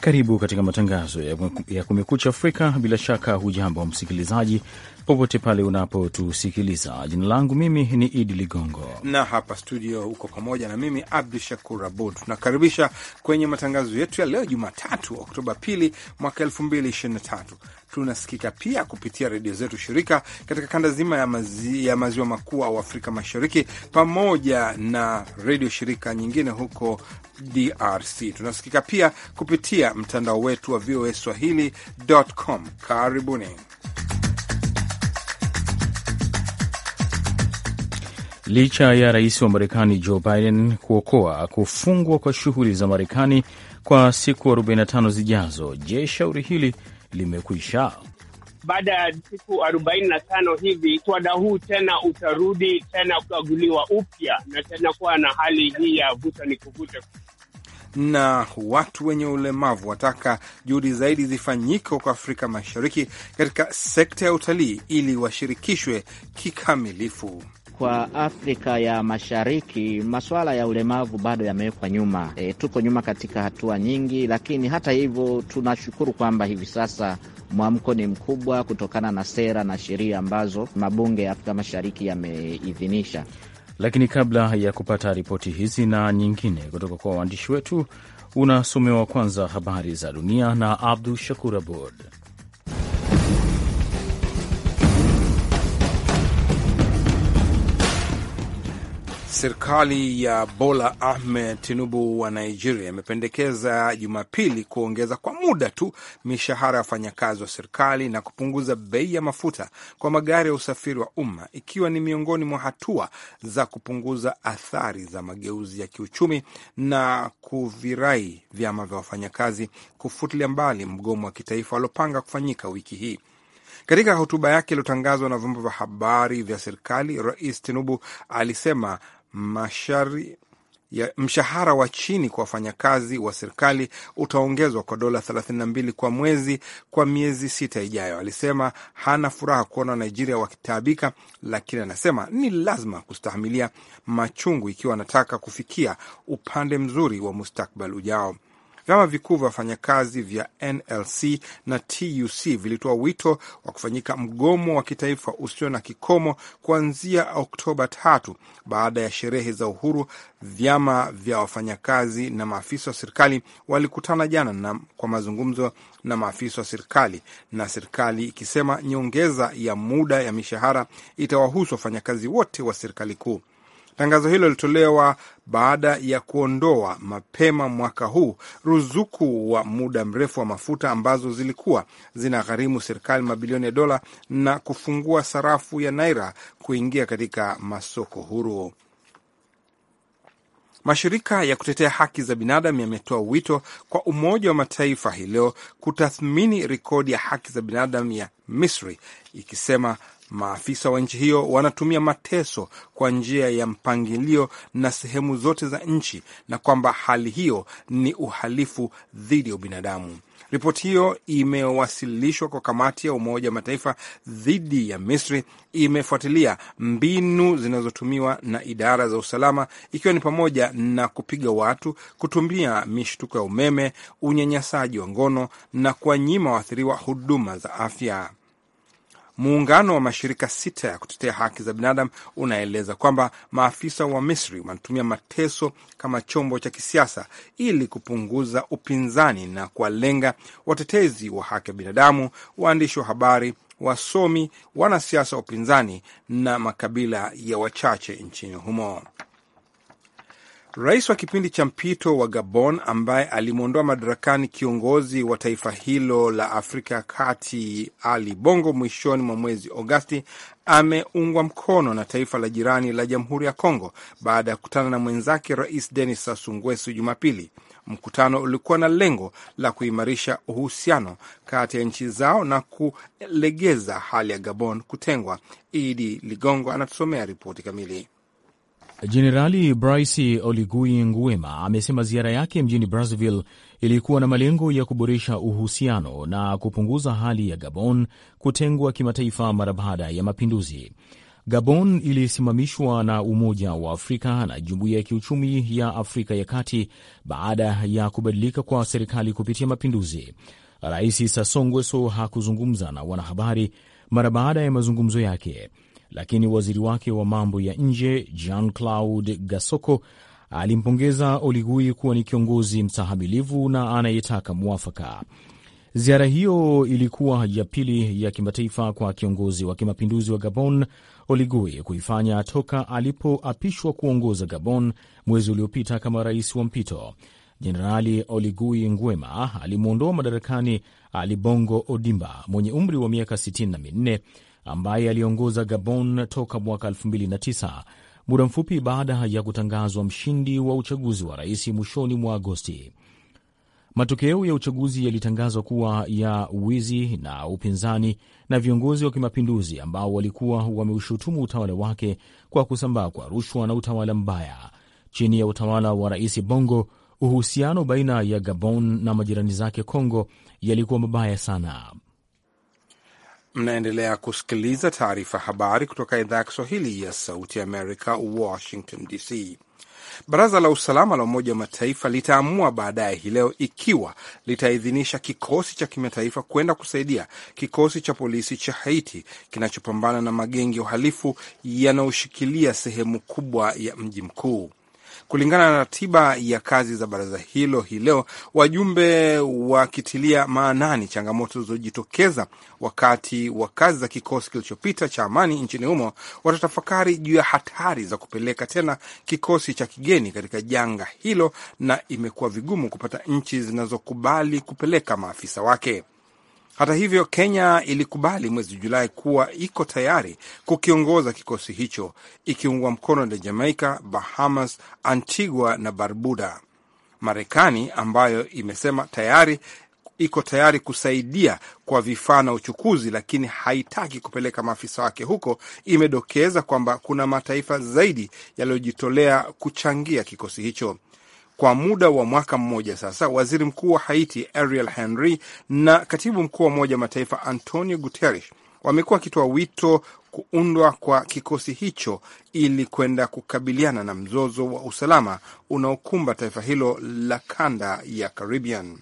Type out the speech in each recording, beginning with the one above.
Karibu katika matangazo ya Kumekucha Afrika. Bila shaka, hujambo msikilizaji, popote pale unapotusikiliza. Jina langu mimi ni Idi Ligongo na hapa studio huko pamoja na mimi Abdu Shakur Abud, tunakaribisha kwenye matangazo yetu ya leo Jumatatu, Oktoba pili mwaka elfu mbili ishirini na tatu tunasikika pia kupitia redio zetu shirika katika kanda zima ya, mazi, ya maziwa makuu au Afrika Mashariki, pamoja na redio shirika nyingine huko DRC. Tunasikika pia kupitia mtandao wetu wa VOA Swahili.com. Karibuni. Licha ya rais wa Marekani Joe Biden kuokoa kufungwa kwa shughuli za Marekani kwa siku 45 zijazo, je, shauri hili limekwisha. Baada ya siku arobaini na tano hivi mswada huu tena utarudi tena kukaguliwa upya na tena kuwa na hali hii ya vuta ni kuvuta. Na watu wenye ulemavu wataka juhudi zaidi zifanyike huko Afrika Mashariki katika sekta ya utalii ili washirikishwe kikamilifu kwa Afrika ya Mashariki masuala ya ulemavu bado yamewekwa nyuma. E, tuko nyuma katika hatua nyingi, lakini hata hivyo tunashukuru kwamba hivi sasa mwamko ni mkubwa kutokana na sera na sheria ambazo mabunge ya Afrika Mashariki yameidhinisha. Lakini kabla ya kupata ripoti hizi na nyingine kutoka kwa waandishi wetu, unasomewa kwanza habari za dunia na Abdu Shakur Abord. Serikali ya Bola Ahmed Tinubu wa Nigeria imependekeza Jumapili kuongeza kwa muda tu mishahara ya wafanyakazi wa serikali na kupunguza bei ya mafuta kwa magari ya usafiri wa umma, ikiwa ni miongoni mwa hatua za kupunguza athari za mageuzi ya kiuchumi na kuvirai vyama vya wafanyakazi kufutilia mbali mgomo wa kitaifa waliopanga kufanyika wiki hii. Katika hotuba yake iliyotangazwa na vyombo vya habari vya serikali, Rais Tinubu alisema mashari ya mshahara wa chini kwa wafanyakazi wa serikali utaongezwa kwa dola 32 kwa mwezi kwa miezi sita ijayo. Alisema hana furaha kuona Nigeria wakitaabika, lakini anasema ni lazima kustahimilia machungu ikiwa anataka kufikia upande mzuri wa mustakbal ujao vyama vikuu vya wafanyakazi vya NLC na TUC vilitoa wito wa kufanyika mgomo wa kitaifa usio na kikomo kuanzia Oktoba tatu baada ya sherehe za uhuru. Vyama vya wafanyakazi na maafisa wa serikali walikutana jana na kwa mazungumzo na maafisa wa serikali na serikali ikisema nyongeza ya muda ya mishahara itawahusu wafanyakazi wote wa serikali kuu. Tangazo hilo lilitolewa baada ya kuondoa mapema mwaka huu ruzuku wa muda mrefu wa mafuta ambazo zilikuwa zinagharimu serikali mabilioni ya dola na kufungua sarafu ya naira kuingia katika masoko huru. Mashirika ya kutetea haki za binadamu yametoa wito kwa Umoja wa Mataifa hii leo kutathmini rekodi ya haki za binadamu ya Misri ikisema Maafisa wa nchi hiyo wanatumia mateso kwa njia ya mpangilio na sehemu zote za nchi na kwamba hali hiyo ni uhalifu dhidi ya ubinadamu. Ripoti hiyo imewasilishwa kwa kamati ya Umoja wa Mataifa dhidi ya Misri. Imefuatilia mbinu zinazotumiwa na idara za usalama, ikiwa ni pamoja na kupiga watu, kutumia mishtuko ya umeme, unyanyasaji wa ngono na kuwanyima waathiriwa huduma za afya. Muungano wa mashirika sita ya kutetea haki za binadamu unaeleza kwamba maafisa wa Misri wanatumia mateso kama chombo cha kisiasa ili kupunguza upinzani na kuwalenga watetezi wa haki ya binadamu, waandishi wa habari, wasomi, wanasiasa wa upinzani na makabila ya wachache nchini humo. Rais wa kipindi cha mpito wa Gabon ambaye alimwondoa madarakani kiongozi wa taifa hilo la Afrika ya Kati Ali Bongo mwishoni mwa mwezi Agosti ameungwa mkono na taifa la jirani la Jamhuri ya Kongo baada ya kukutana na mwenzake Rais Denis Sassou Nguesso Jumapili. Mkutano ulikuwa na lengo la kuimarisha uhusiano kati ya nchi zao na kulegeza hali ya Gabon kutengwa. Idi Ligongo anatusomea ripoti kamili. Jenerali Brice Oligui Nguema amesema ziara yake mjini Brazzaville ilikuwa na malengo ya kuboresha uhusiano na kupunguza hali ya Gabon kutengwa kimataifa mara baada ya mapinduzi. Gabon ilisimamishwa na Umoja wa Afrika na Jumuiya ya Kiuchumi ya Afrika ya Kati baada ya kubadilika kwa serikali kupitia mapinduzi. Rais Sassou Nguesso hakuzungumza na wanahabari mara baada ya mazungumzo yake lakini waziri wake wa mambo ya nje Jean Claude Gasoko alimpongeza Oligui kuwa ni kiongozi mstahamilivu na anayetaka mwafaka. Ziara hiyo ilikuwa ya pili ya kimataifa kwa kiongozi wa kimapinduzi wa Gabon Oligui kuifanya toka alipoapishwa kuongoza Gabon mwezi uliopita kama rais wa mpito. Jenerali Oligui Nguema alimwondoa madarakani Ali Bongo Odimba mwenye umri wa miaka 64 ambaye aliongoza Gabon toka mwaka 2009 muda mfupi baada ya kutangazwa mshindi wa uchaguzi wa rais mwishoni mwa Agosti. Matokeo ya uchaguzi yalitangazwa kuwa ya wizi na upinzani na viongozi wa kimapinduzi ambao walikuwa wameushutumu utawala wake kwa kusambaa kwa rushwa na utawala mbaya. Chini ya utawala wa Rais Bongo, uhusiano baina ya Gabon na majirani zake Kongo yalikuwa mabaya sana. Mnaendelea kusikiliza taarifa habari kutoka idhaa ya Kiswahili ya Sauti ya Amerika, Washington DC. Baraza la usalama la Umoja wa Mataifa litaamua baadaye hii leo ikiwa litaidhinisha kikosi cha kimataifa kwenda kusaidia kikosi cha polisi cha Haiti kinachopambana na magenge ya uhalifu yanayoshikilia sehemu kubwa ya mji mkuu. Kulingana na ratiba ya kazi za baraza hilo hii leo, wajumbe wakitilia maanani changamoto zilizojitokeza wakati wa kazi za kikosi kilichopita cha amani nchini humo, watatafakari juu ya hatari za kupeleka tena kikosi cha kigeni katika janga hilo, na imekuwa vigumu kupata nchi zinazokubali kupeleka maafisa wake. Hata hivyo, Kenya ilikubali mwezi Julai kuwa iko tayari kukiongoza kikosi hicho ikiungwa mkono na Jamaica, Bahamas, Antigua na Barbuda. Marekani ambayo imesema tayari iko tayari kusaidia kwa vifaa na uchukuzi, lakini haitaki kupeleka maafisa wake huko. Imedokeza kwamba kuna mataifa zaidi yaliyojitolea kuchangia kikosi hicho kwa muda wa mwaka mmoja sasa, waziri mkuu wa Haiti Ariel Henry na katibu mkuu wa Umoja Mataifa Antonio Guterres wamekuwa wakitoa wito kuundwa kwa kikosi hicho ili kwenda kukabiliana na mzozo wa usalama unaokumba taifa hilo la kanda ya Caribbean.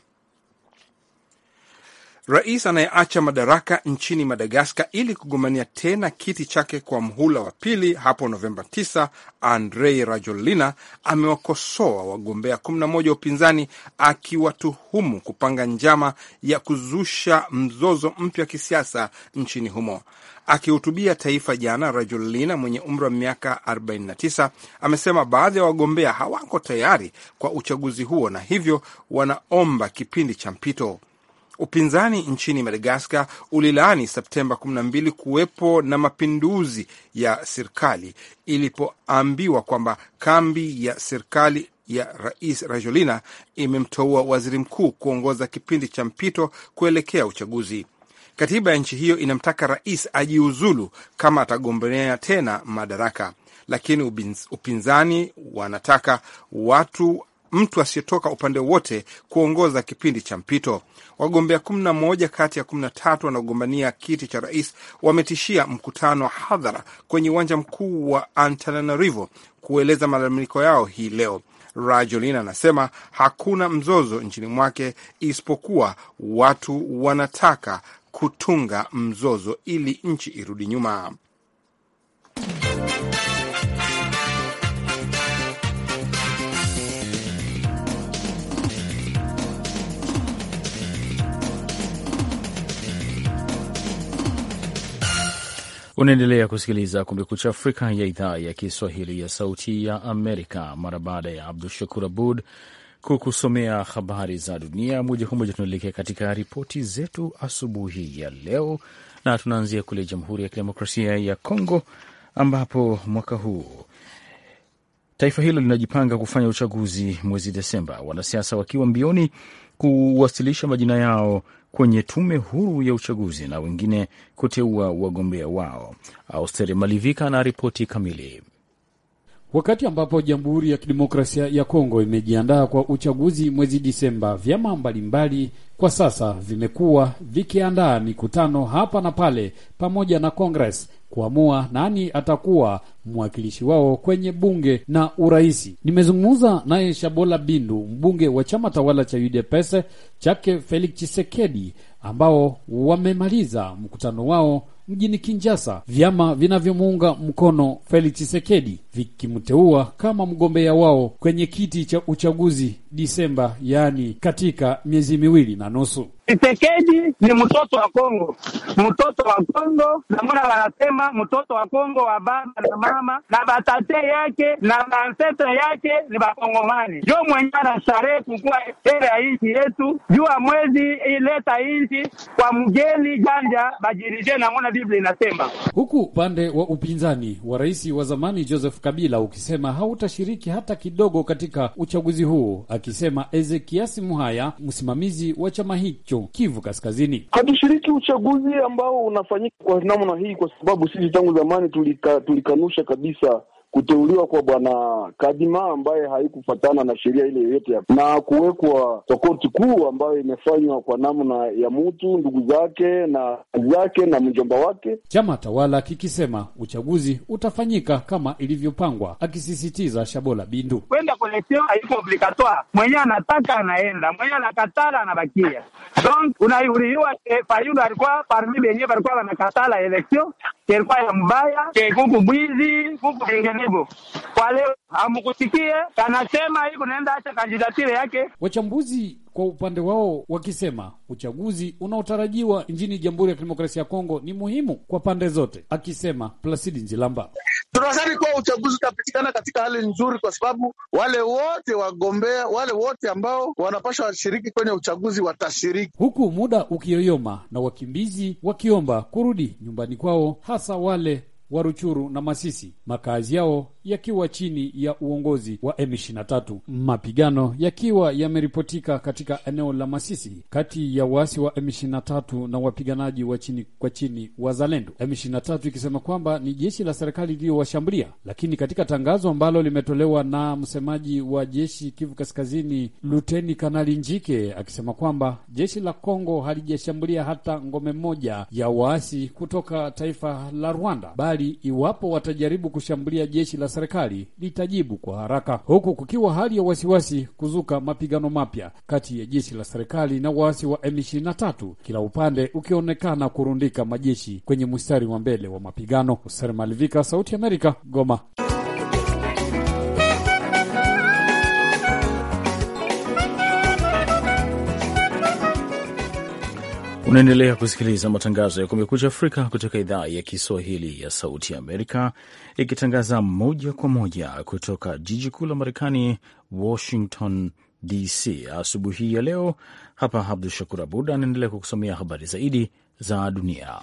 Rais anayeacha madaraka nchini Madagaskar ili kugombania tena kiti chake kwa mhula wa pili hapo Novemba 9, Andrei rajolina amewakosoa wagombea 11 wa upinzani akiwatuhumu kupanga njama ya kuzusha mzozo mpya wa kisiasa nchini humo. Akihutubia taifa jana, rajolina mwenye umri wa miaka 49 amesema baadhi ya wagombea hawako tayari kwa uchaguzi huo na hivyo wanaomba kipindi cha mpito. Upinzani nchini Madagaskar ulilaani Septemba 12 kuwepo na mapinduzi ya serikali ilipoambiwa kwamba kambi ya serikali ya Rais rajolina imemteua waziri mkuu kuongoza kipindi cha mpito kuelekea uchaguzi. Katiba ya nchi hiyo inamtaka rais ajiuzulu kama atagombania tena madaraka, lakini upinzani wanataka watu mtu asiyetoka upande wote kuongoza kipindi cha mpito. Wagombea 11 kati ya 13 wanaogombania kiti cha rais wametishia mkutano wa hadhara kwenye uwanja mkuu wa Antananarivo kueleza malalamiko yao hii leo. Rajolin anasema hakuna mzozo nchini mwake isipokuwa watu wanataka kutunga mzozo ili nchi irudi nyuma. Unaendelea kusikiliza Kumekucha Afrika ya idhaa ya Kiswahili ya Sauti ya Amerika. Mara baada ya Abdu Shakur Abud kukusomea habari za dunia moja kwa moja, tunaelekea katika ripoti zetu asubuhi ya leo, na tunaanzia kule Jamhuri ya Kidemokrasia ya Kongo ambapo mwaka huu taifa hilo linajipanga kufanya uchaguzi mwezi Desemba, wanasiasa wakiwa mbioni kuwasilisha majina yao kwenye tume huru ya uchaguzi na wengine kuteua wagombea wao. Austeri Malivika na ripoti kamili. Wakati ambapo Jamhuri ya Kidemokrasia ya Kongo imejiandaa kwa uchaguzi mwezi Disemba, vyama mbalimbali kwa sasa vimekuwa vikiandaa mikutano hapa na pale pamoja na kongres kuamua nani atakuwa mwakilishi wao kwenye bunge na uraisi. Nimezungumza naye Shabola Bindu, mbunge wa chama tawala cha UDPS chake Felix Chisekedi, ambao wamemaliza mkutano wao mjini Kinjasa, vyama vinavyomuunga mkono Felix Chisekedi vikimteua kama mgombea wao kwenye kiti cha uchaguzi Disemba, yaani katika miezi miwili na nusu. Tshisekedi ni mtoto wa Kongo, mtoto wa Kongo. Namona wanasema mtoto wa Kongo wa baba na mama na batate yake na bansetre yake ni Bakongomani. Jo mwenye ana starehe kukua ya nchi yetu, jua mwezi ileta nchi kwa mgeni janja, bajirije. Namona Biblia inasema huku. Upande wa upinzani wa rais wa zamani Joseph Kabila ukisema hautashiriki hata kidogo katika uchaguzi huu, akisema Ezekiasi Muhaya, msimamizi wa chama hicho hicho Kivu Kaskazini. Hatushiriki uchaguzi ambao unafanyika kwa namna hii, kwa sababu sisi tangu zamani tulika, tulikanusha kabisa kuteuliwa kwa bwana Kadima ambaye haikufatana na sheria ile yoyote, na kuwekwa kwa koti kuu ambayo imefanywa kwa namna ya mutu ndugu zake na kazi zake na mjomba wake. Chama tawala kikisema uchaguzi utafanyika kama ilivyopangwa, akisisitiza Shabola Bindu kwenda koleksion haiko obligatoire, mwenye anataka anaenda, mwenye anakatala anabakia. Donc unaurihiwa eh, Fayulu alikuwa parmi benyewe walikuwa wanakatala eleksion kelikuwa ya mbaya, kuku mwizi kuku vingine majibu kwa leo amkusikie, kanasema hii kunaenda acha kandidatire yake. Wachambuzi kwa upande wao wakisema uchaguzi unaotarajiwa nchini Jamhuri ya Kidemokrasia ya Kongo ni muhimu kwa pande zote, akisema Plasidi Njilamba. Tunadhani kuwa uchaguzi utapitikana katika hali nzuri, kwa sababu wale wote wagombea, wale wote ambao wanapasha washiriki kwenye uchaguzi watashiriki, huku muda ukiyoyoma na wakimbizi wakiomba kurudi nyumbani kwao, hasa wale wa Ruchuru na Masisi, makazi yao yakiwa chini ya uongozi wa M23. Mapigano yakiwa yameripotika katika eneo la Masisi kati ya waasi wa M23 na wapiganaji wa chini kwa chini Zalendo, M23 ikisema kwamba ni jeshi la serikali iliyowashambulia. Lakini katika tangazo ambalo limetolewa na msemaji wa jeshi Kivu Kaskazini, Luteni Kanali Njike akisema kwamba jeshi la Kongo halijashambulia hata ngome moja ya waasi kutoka taifa la Rwanda bali serikali iwapo watajaribu kushambulia jeshi la serikali litajibu kwa haraka, huku kukiwa hali ya wasiwasi kuzuka mapigano mapya kati ya jeshi la serikali na waasi wa M23, kila upande ukionekana kurundika majeshi kwenye mstari wa mbele wa mapigano. Hoser Malivika, Sauti ya Amerika, Goma. Unaendelea kusikiliza matangazo ya Kumekucha Afrika kutoka idhaa ya Kiswahili ya Sauti ya Amerika, ikitangaza moja kwa moja kutoka jiji kuu la Marekani, Washington DC. Asubuhi hii ya leo hapa, Abdu Shakur Abud anaendelea kukusomea habari zaidi za dunia.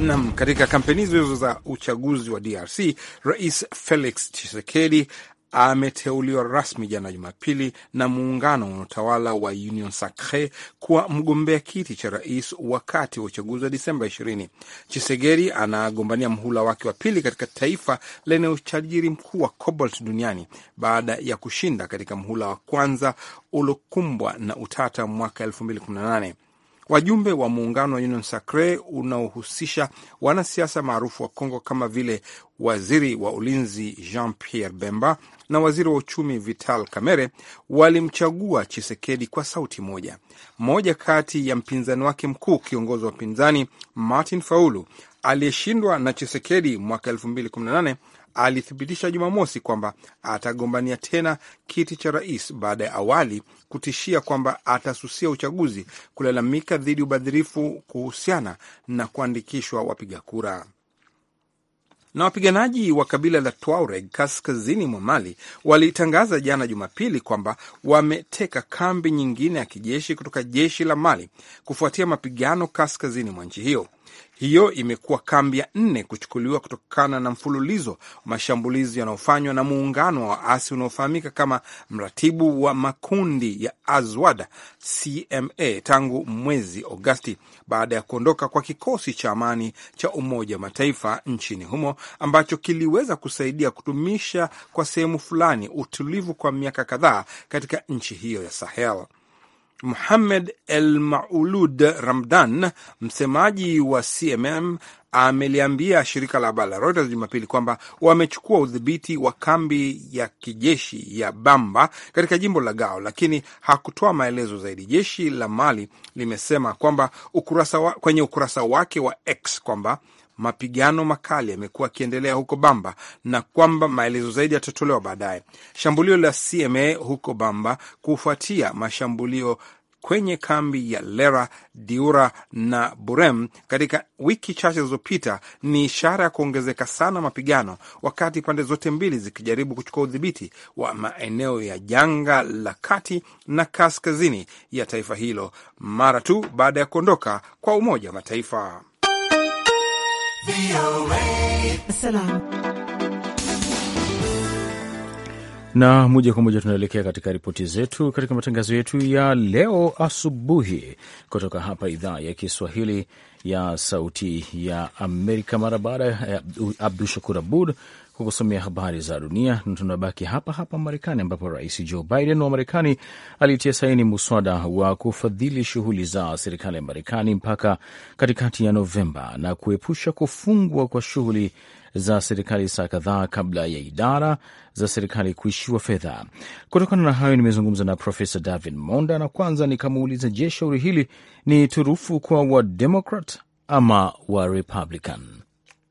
Nam, katika kampeni hizo za uchaguzi wa DRC, Rais Felix Tshisekedi ameteuliwa rasmi jana Jumapili na muungano unaotawala wa Union Sacre kuwa mgombea kiti cha rais wakati wa uchaguzi wa Disemba 20. Chisegeri anagombania mhula wake wa pili katika taifa lenye utajiri mkuu wa cobalt duniani baada ya kushinda katika mhula wa kwanza uliokumbwa na utata mwaka 2018. Wajumbe wa muungano wa Union Sacre unaohusisha wanasiasa maarufu wa Kongo kama vile waziri wa ulinzi Jean Pierre Bemba na waziri wa uchumi Vital Kamerhe walimchagua Chisekedi kwa sauti moja. Mmoja kati ya mpinzani wake mkuu, kiongozi wa upinzani Martin Faulu aliyeshindwa na Chisekedi mwaka 2018 alithibitisha Jumamosi kwamba atagombania tena kiti cha rais baada ya awali kutishia kwamba atasusia uchaguzi, kulalamika dhidi ubadhirifu kuhusiana na kuandikishwa wapiga kura na wapiganaji wa kabila la Tuareg kaskazini mwa Mali walitangaza jana Jumapili kwamba wameteka kambi nyingine ya kijeshi kutoka jeshi la Mali kufuatia mapigano kaskazini mwa nchi hiyo. Hiyo imekuwa kambi ya nne kuchukuliwa kutokana na mfululizo wa mashambulizi yanayofanywa na muungano wa waasi unaofahamika kama mratibu wa makundi ya Azwada CMA tangu mwezi Agosti, baada ya kuondoka kwa kikosi cha amani cha Umoja wa Mataifa nchini humo ambacho kiliweza kusaidia kutumisha kwa sehemu fulani utulivu kwa miaka kadhaa katika nchi hiyo ya Sahel. Muhamed El Maulud Ramdan, msemaji wa CMM, ameliambia shirika la habari la Reuters Jumapili kwamba wamechukua udhibiti wa kambi ya kijeshi ya Bamba katika jimbo la Gao, lakini hakutoa maelezo zaidi. Jeshi la Mali limesema kwamba ukurasa wa, kwenye ukurasa wake wa X kwamba mapigano makali yamekuwa yakiendelea huko Bamba na kwamba maelezo zaidi yatatolewa baadaye. Shambulio la CMA huko Bamba kufuatia mashambulio kwenye kambi ya Lera, Diura na Burem katika wiki chache zilizopita ni ishara ya kuongezeka sana mapigano, wakati pande zote mbili zikijaribu kuchukua udhibiti wa maeneo ya janga la kati na kaskazini ya taifa hilo mara tu baada ya kuondoka kwa Umoja wa Mataifa na moja kwa moja tunaelekea katika ripoti zetu katika matangazo yetu ya leo asubuhi kutoka hapa idhaa ya Kiswahili ya Sauti ya Amerika. Mara baada ya Abdu Shakur Abud kukusomea habari za dunia, na tunabaki hapa hapa Marekani, ambapo Rais Joe Biden wa Marekani alitia saini muswada wa kufadhili shughuli za serikali ya Marekani mpaka katikati ya Novemba na kuepusha kufungwa kwa shughuli za serikali saa kadhaa kabla ya idara za serikali kuishiwa fedha. Kutokana na hayo, nimezungumza na Profesa David Monda na kwanza nikamuuliza, je, shauri hili ni turufu kwa Wademokrat ama Warepublican?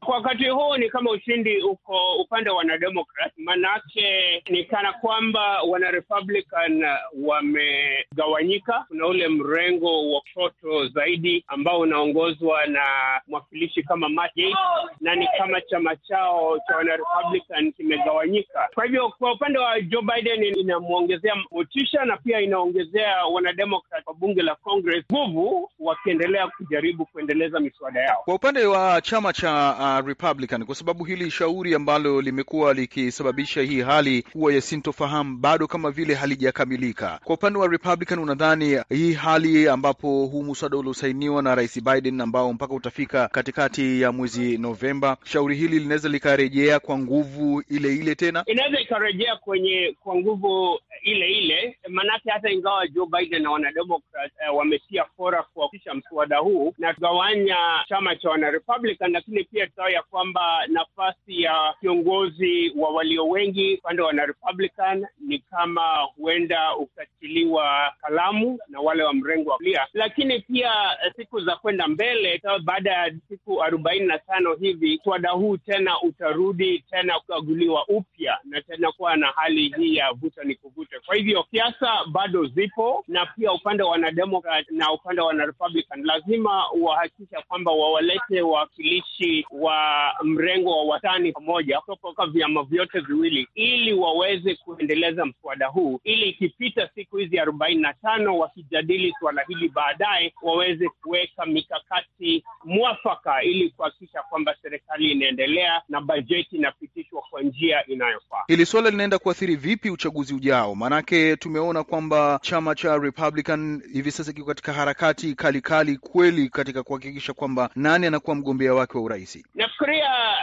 Kwa wakati huu ni kama ushindi uko upande wa wanademokrat, manake ni kana kwamba wanarepublican wamegawanyika. Kuna ule mrengo wa kushoto zaidi ambao unaongozwa na mwakilishi kama Matt Gaetz, na ni kama chama chao cha wanarepublican kimegawanyika. Kwa hivyo kwa upande wa Joe Biden inamwongezea motisha na pia inaongezea wanademokrat wa bunge la Congress nguvu, wakiendelea kujaribu kuendeleza miswada yao. Kwa upande wa chama cha uh... Republican, kwa sababu hili shauri ambalo limekuwa likisababisha hii hali huwa ya sintofahamu bado kama vile halijakamilika. Kwa upande wa Republican, unadhani hii hali ambapo huu muswada uliosainiwa na Rais Biden ambao mpaka utafika katikati ya mwezi Novemba, shauri hili linaweza likarejea kwa nguvu ile ile tena? Inaweza ikarejea kwenye kwa nguvu ile ile, maanake hata ingawa Joe Biden na wanademokrat uh, wametia fora kuhakikisha mswada huu na kugawanya chama cha wanarepublican, lakini pia yao ya kwamba nafasi ya kiongozi wa walio wengi upande wa Republican ni kama huenda ukatiliwa kalamu na wale wa mrengo wa kulia, lakini pia eh, siku za kwenda mbele, baada ya siku arobaini na tano hivi mswada huu tena utarudi tena kukaguliwa upya na tena kuwa na hali hii ya vuta ni kuvuta. Kwa hivyo siasa bado zipo, na pia upande wa wanademokrat na upande wa wanarepublican lazima wahakikisha kwamba wawalete wawakilishi wa mrengo wa watani pamoja kutoka vyama vyote viwili, ili waweze kuendeleza mswada huu, ili ikipita siku hizi arobaini na tano wakijadili swala hili baadaye, waweze kuweka mikakati mwafaka ili kuhakikisha kwamba serikali inaendelea na bajeti inapitishwa kwa njia inayofaa. Hili swala linaenda kuathiri vipi uchaguzi ujao? Maanake tumeona kwamba chama cha Republican hivi sasa kiko katika harakati kalikali kali kweli katika kuhakikisha kwamba nani anakuwa mgombea wake wa urais. North Korea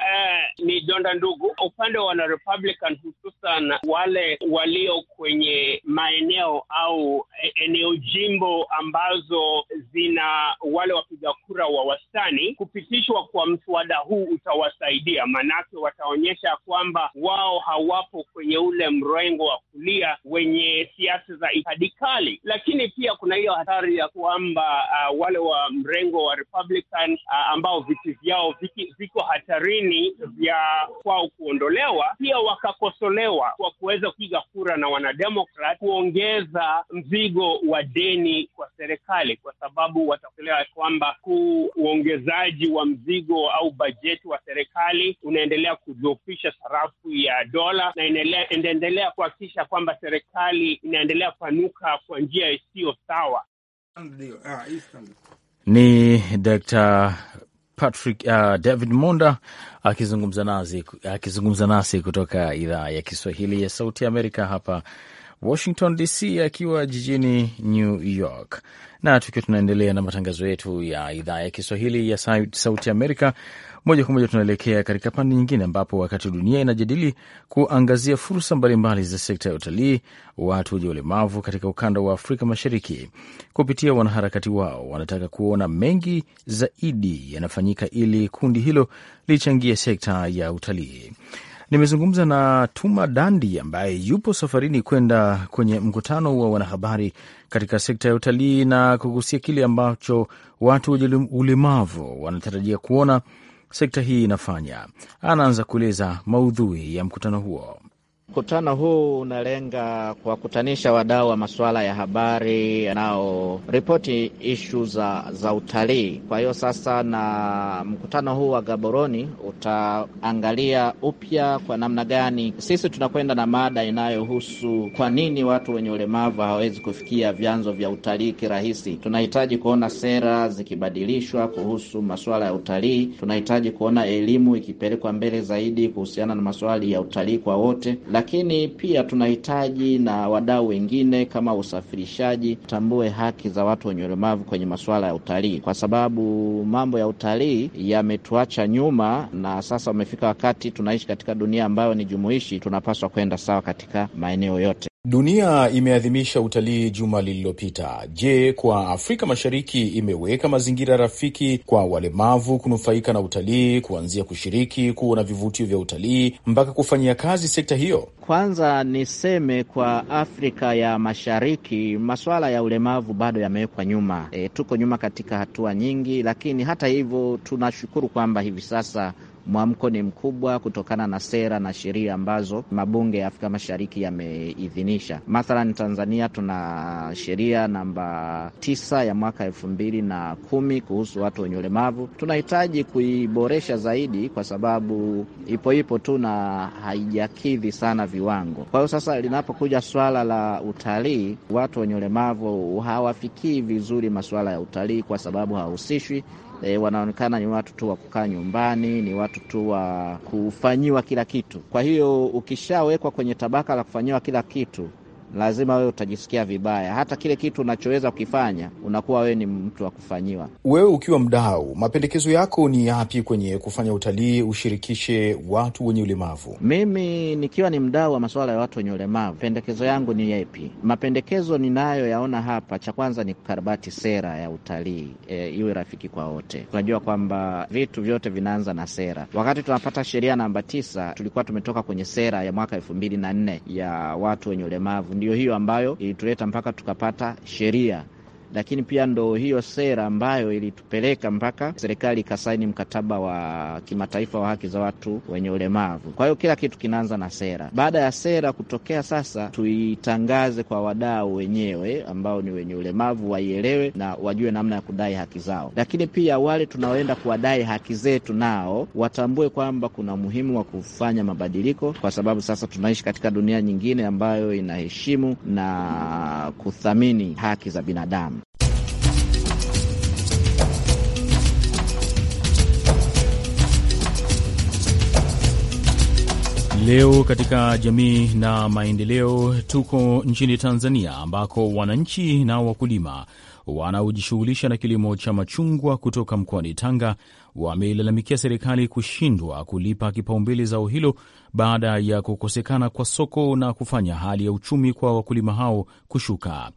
ni donda ndugu upande wa wanarepublican, hususan wale walio kwenye maeneo au e, eneo jimbo ambazo zina wale wapiga kura wa wastani. Kupitishwa kwa mswada huu utawasaidia, maanake wataonyesha kwamba wao hawapo kwenye ule mrengo wa kulia wenye siasa za itikadi kali, lakini pia kuna hiyo hatari ya kwamba uh, wale wa mrengo wa Republican, uh, ambao viti vyao viko hatarini ya kwao kuondolewa, pia wakakosolewa kwa kuweza kupiga kura na wanademokrat kuongeza mzigo wa deni kwa serikali, kwa sababu watakolewa kwamba uongezaji wa mzigo au bajeti wa serikali unaendelea kudhoofisha sarafu ya dola na inaendelea kuhakikisha kwamba serikali inaendelea kupanuka kwa njia isiyo sawa. Ah, Ni Dr. Patrick, uh, David Monda akizungumza nasi, akizungumza nasi kutoka idhaa ya Kiswahili ya Sauti ya Amerika hapa Washington DC akiwa jijini New York. Na tukiwa tunaendelea na matangazo yetu ya idhaa ya Kiswahili ya Sauti Amerika, moja kwa moja tunaelekea katika pande nyingine, ambapo wakati dunia inajadili kuangazia fursa mbalimbali za sekta ya utalii, watu wenye ulemavu katika ukanda wa Afrika Mashariki kupitia wanaharakati wao wanataka kuona mengi zaidi yanafanyika ili kundi hilo lichangie sekta ya utalii. Nimezungumza na Tuma Dandi ambaye yupo safarini kwenda kwenye mkutano wa wanahabari katika sekta ya utalii na kugusia kile ambacho watu wenye ulemavu wanatarajia kuona sekta hii inafanya. Anaanza kueleza maudhui ya mkutano huo. Mkutano huu unalenga kuwakutanisha wadau wa masuala ya habari yanayoripoti ishu za, za utalii. Kwa hiyo sasa, na mkutano huu wa Gaboroni utaangalia upya kwa namna gani sisi tunakwenda na mada inayohusu kwa nini watu wenye ulemavu hawawezi kufikia vyanzo vya utalii kirahisi. Tunahitaji kuona sera zikibadilishwa kuhusu masuala ya utalii. Tunahitaji kuona elimu ikipelekwa mbele zaidi kuhusiana na masuala ya utalii kwa wote lakini pia tunahitaji na wadau wengine kama usafirishaji tambue haki za watu wenye ulemavu kwenye masuala ya utalii, kwa sababu mambo ya utalii yametuacha nyuma, na sasa umefika wakati tunaishi katika dunia ambayo ni jumuishi, tunapaswa kwenda sawa katika maeneo yote. Dunia imeadhimisha utalii juma lililopita. Je, kwa Afrika Mashariki imeweka mazingira rafiki kwa walemavu kunufaika na utalii, kuanzia kushiriki, kuwa na vivutio vya utalii mpaka kufanyia kazi sekta hiyo? Kwanza niseme kwa Afrika ya Mashariki masuala ya ulemavu bado yamewekwa nyuma. E, tuko nyuma katika hatua nyingi, lakini hata hivyo tunashukuru kwamba hivi sasa Mwamko ni mkubwa kutokana na sera na sheria ambazo mabunge ya Afrika Mashariki yameidhinisha. Mathalan, Tanzania tuna sheria namba tisa ya mwaka elfu mbili na kumi kuhusu watu wenye ulemavu. Tunahitaji kuiboresha zaidi, kwa sababu ipo ipo tu na haijakidhi sana viwango. Kwa hiyo sasa, linapokuja swala la utalii, watu wenye ulemavu hawafikii vizuri masuala ya utalii, kwa sababu hawahusishwi e, wanaonekana ni watu tu wa kukaa nyumbani, ni watu tu wa kufanyiwa kila kitu. Kwa hiyo ukishawekwa kwenye tabaka la kufanyiwa kila kitu lazima wewe utajisikia vibaya. Hata kile kitu unachoweza kukifanya, unakuwa wewe ni mtu wa kufanyiwa. Wewe ukiwa mdau, mapendekezo yako ni yapi kwenye kufanya utalii ushirikishe watu wenye ulemavu? Mimi nikiwa ni mdau wa masuala ya watu wenye ulemavu, pendekezo yangu ni yepi? Mapendekezo ninayoyaona hapa, cha kwanza ni kukarabati sera ya utalii e, iwe rafiki kwa wote. Tunajua kwamba vitu vyote vinaanza na sera. Wakati tunapata sheria namba tisa, tulikuwa tumetoka kwenye sera ya mwaka elfu mbili na nne ya watu wenye ulemavu ndio hiyo ambayo ilituleta mpaka tukapata sheria lakini pia ndo hiyo sera ambayo ilitupeleka mpaka serikali ikasaini mkataba wa kimataifa wa haki za watu wenye ulemavu. Kwa hiyo kila kitu kinaanza na sera. Baada ya sera kutokea, sasa tuitangaze kwa wadau wenyewe ambao ni wenye ulemavu, waielewe na wajue namna ya kudai haki zao, lakini pia wale tunaoenda kuwadai haki zetu nao watambue kwamba kuna umuhimu wa kufanya mabadiliko, kwa sababu sasa tunaishi katika dunia nyingine ambayo inaheshimu na kuthamini haki za binadamu. Leo katika jamii na maendeleo, tuko nchini Tanzania ambako wananchi na wakulima wanaojishughulisha na kilimo cha machungwa kutoka mkoani Tanga wameilalamikia serikali kushindwa kulipa kipaumbele zao hilo baada ya kukosekana kwa soko na kufanya hali ya uchumi kwa wakulima hao kushuka.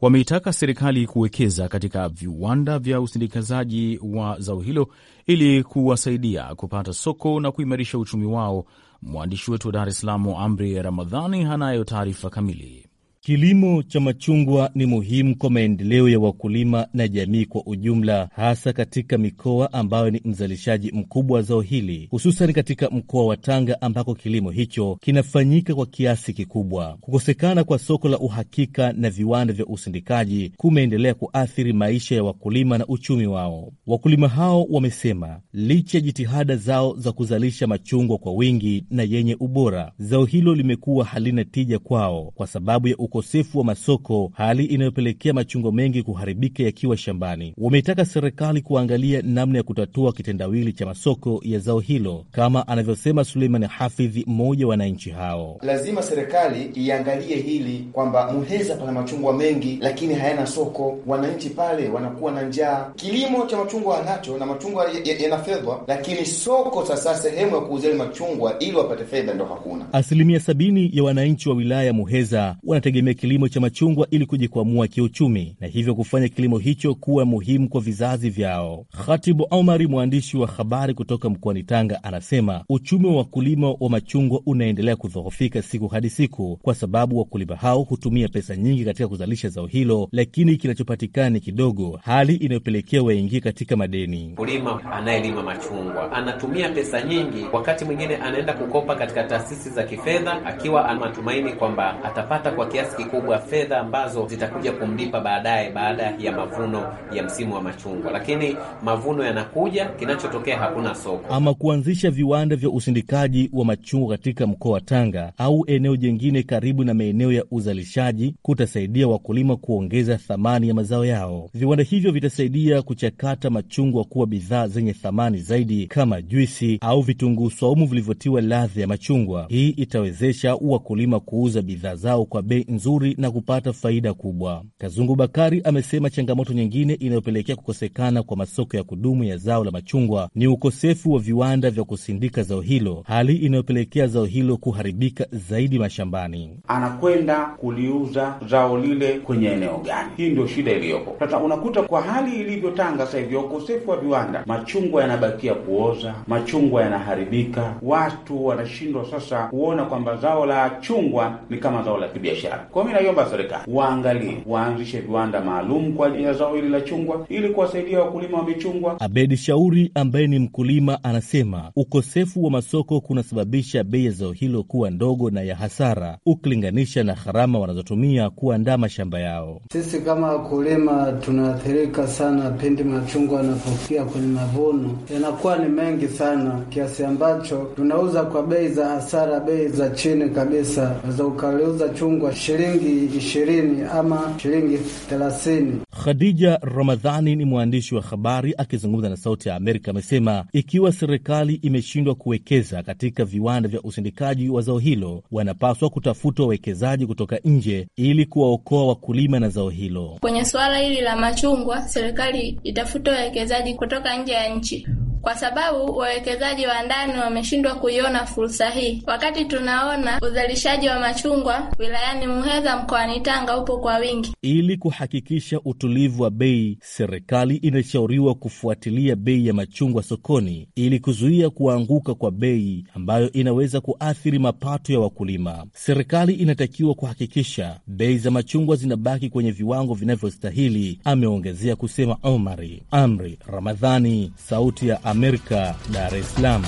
Wameitaka serikali kuwekeza katika viwanda vya usindikazaji wa zao hilo ili kuwasaidia kupata soko na kuimarisha uchumi wao Mwandishi wetu wa Dar es Salaam, Amri Ramadhani, anayo taarifa kamili. Kilimo cha machungwa ni muhimu kwa maendeleo ya wakulima na jamii kwa ujumla, hasa katika mikoa ambayo ni mzalishaji mkubwa wa zao hili, hususan katika mkoa wa Tanga ambako kilimo hicho kinafanyika kwa kiasi kikubwa. Kukosekana kwa soko la uhakika na viwanda vya usindikaji kumeendelea kuathiri maisha ya wakulima na uchumi wao. Wakulima hao wamesema licha ya jitihada zao za kuzalisha machungwa kwa wingi na yenye ubora, zao hilo limekuwa halina tija kwao kwa sababu ya uko ukosefu wa masoko, hali inayopelekea machungwa mengi kuharibika yakiwa shambani. Wameitaka serikali kuangalia namna ya kutatua kitendawili cha masoko ya zao hilo, kama anavyosema Suleiman Hafidhi, mmoja wa wananchi hao. Lazima serikali iangalie hili kwamba Muheza pana machungwa mengi, lakini hayana soko. Wananchi pale wanakuwa na njaa. Kilimo cha machungwa anacho na machungwa yanafedhwa, lakini soko sasa, sehemu ya kuuzia machungwa ili wapate fedha, ndo hakuna. Asilimia sabini ya wananchi wa wilaya ya Muheza wanategemea wategemee kilimo cha machungwa ili kujikwamua kiuchumi na hivyo kufanya kilimo hicho kuwa muhimu kwa vizazi vyao. Khatibu Omari, mwandishi wa habari kutoka mkoani Tanga, anasema uchumi wa wakulima wa machungwa unaendelea kudhoofika siku hadi siku, kwa sababu wakulima hao hutumia pesa nyingi katika kuzalisha zao hilo, lakini kinachopatikana ni kidogo, hali inayopelekea waingie katika madeni. Mkulima anayelima machungwa anatumia pesa nyingi, wakati mwingine anaenda kukopa katika taasisi za kifedha, akiwa ana matumaini kwamba atapata kwa kiasi kikubwa fedha ambazo zitakuja kumlipa baadaye baada ya mavuno ya msimu wa machungwa. Lakini mavuno yanakuja, kinachotokea hakuna soko. Ama kuanzisha viwanda vya usindikaji wa machungwa katika mkoa wa Tanga au eneo jengine karibu na maeneo ya uzalishaji kutasaidia wakulima kuongeza thamani ya mazao yao. Viwanda hivyo vitasaidia kuchakata machungwa kuwa bidhaa zenye thamani zaidi kama juisi au vitunguu swaumu vilivyotiwa ladha ya machungwa. Hii itawezesha wakulima kuuza bidhaa zao kwa bei nzuri na kupata faida kubwa. Kazungu Bakari amesema changamoto nyingine inayopelekea kukosekana kwa masoko ya kudumu ya zao la machungwa ni ukosefu wa viwanda vya kusindika zao hilo, hali inayopelekea zao hilo kuharibika zaidi mashambani. Anakwenda kuliuza zao lile kwenye eneo gani? Hii ndio shida iliyopo sasa. Unakuta kwa hali ilivyotanga sasa hivi, ukosefu wa viwanda, machungwa yanabakia kuoza, machungwa yanaharibika, watu wanashindwa sasa kuona kwamba zao la chungwa ni kama zao la kibiashara. Kwa mi naiomba serikali waangalie, waanzishe viwanda maalum kwa ajili ya zao hili la chungwa ili kuwasaidia wakulima wa michungwa. Abedi Shauri ambaye ni mkulima anasema ukosefu wa masoko kunasababisha bei ya zao hilo kuwa ndogo na ya hasara ukilinganisha na gharama wanazotumia kuandaa mashamba yao. Sisi kama wakulima tunaathirika sana pindi machungwa yanapofikia kwenye mavuno, yanakuwa ni mengi sana kiasi ambacho tunauza kwa bei za hasara, bei za chini kabisa. Unaweza ukaliuza chungwa shilingi ishirini ama shilingi thelathini. Khadija Ramadhani ni mwandishi wa habari akizungumza na Sauti ya Amerika amesema ikiwa serikali imeshindwa kuwekeza katika viwanda vya usindikaji wa zao hilo, wanapaswa kutafuta wawekezaji kutoka nje ili kuwaokoa wakulima na zao hilo. Kwenye suala hili la machungwa, serikali itafuta wawekezaji kutoka nje ya nchi kwa sababu wawekezaji wa ndani wameshindwa kuiona fursa hii. Wakati tunaona uzalishaji wa machungwa wilayani Muheza mkoani Tanga upo kwa wingi. Ili kuhakikisha utulivu wa bei, serikali inashauriwa kufuatilia bei ya machungwa sokoni ili kuzuia kuanguka kwa bei ambayo inaweza kuathiri mapato ya wakulima. Serikali inatakiwa kuhakikisha bei za machungwa zinabaki kwenye viwango vinavyostahili, ameongezea kusema. Omari Amri Ramadhani, Sauti ya Amerika, Dar es Salaam.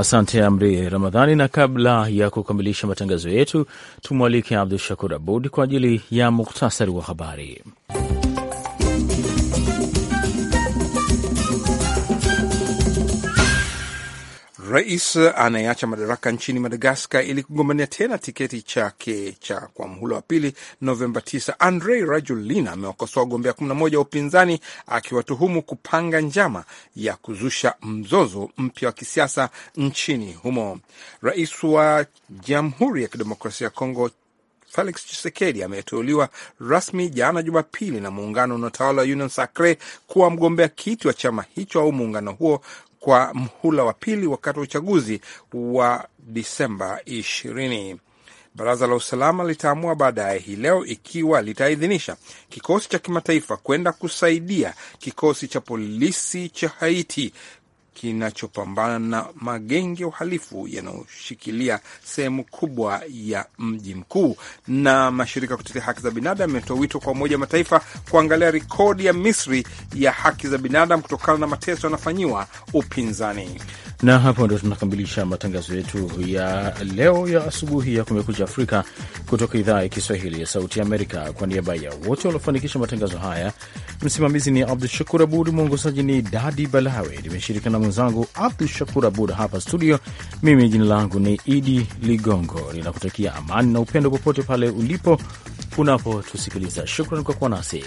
Asante Amri Ramadhani. Na kabla ya kukamilisha matangazo yetu, tumwalike Abdu Shakur Abud kwa ajili ya muktasari wa habari. Rais anayeacha madaraka nchini Madagaskar ili kugombania tena tiketi chake cha kwa mhula wa pili Novemba 9, Andrei Rajulina amewakosoa wagombea 11 wa upinzani akiwatuhumu kupanga njama ya kuzusha mzozo mpya wa kisiasa nchini humo. Rais wa Jamhuri ya Kidemokrasia ya Kongo Felix Tshisekedi ameteuliwa rasmi jana Jumapili na muungano unaotawala Union Sacre kuwa mgombea kiti wa chama hicho au muungano huo kwa mhula wa pili wakati wa uchaguzi wa Disemba 20. Baraza la usalama litaamua baadaye hii leo ikiwa litaidhinisha kikosi cha kimataifa kwenda kusaidia kikosi cha polisi cha Haiti kinachopambana na magenge ya uhalifu yanayoshikilia sehemu kubwa ya mji mkuu. Na mashirika ya kutetea haki za binadamu yametoa wito kwa Umoja wa Mataifa kuangalia rekodi ya Misri ya haki za binadamu kutokana na mateso yanayofanyiwa upinzani na hapo ndo tunakamilisha matangazo yetu ya leo ya asubuhi ya Kumekucha Afrika kutoka idhaa ya Kiswahili ya Sauti ya Amerika. Kwa niaba ya wote waliofanikisha matangazo haya, msimamizi ni Abdu Shakur Abud, mwongozaji ni Dadi Balawe, nimeshirikiana mwenzangu Abdu Shakur Abud hapa studio. Mimi jina langu ni Idi Ligongo, ninakutakia amani na upendo popote pale ulipo unapotusikiliza. Shukran kwa kuwa nasi.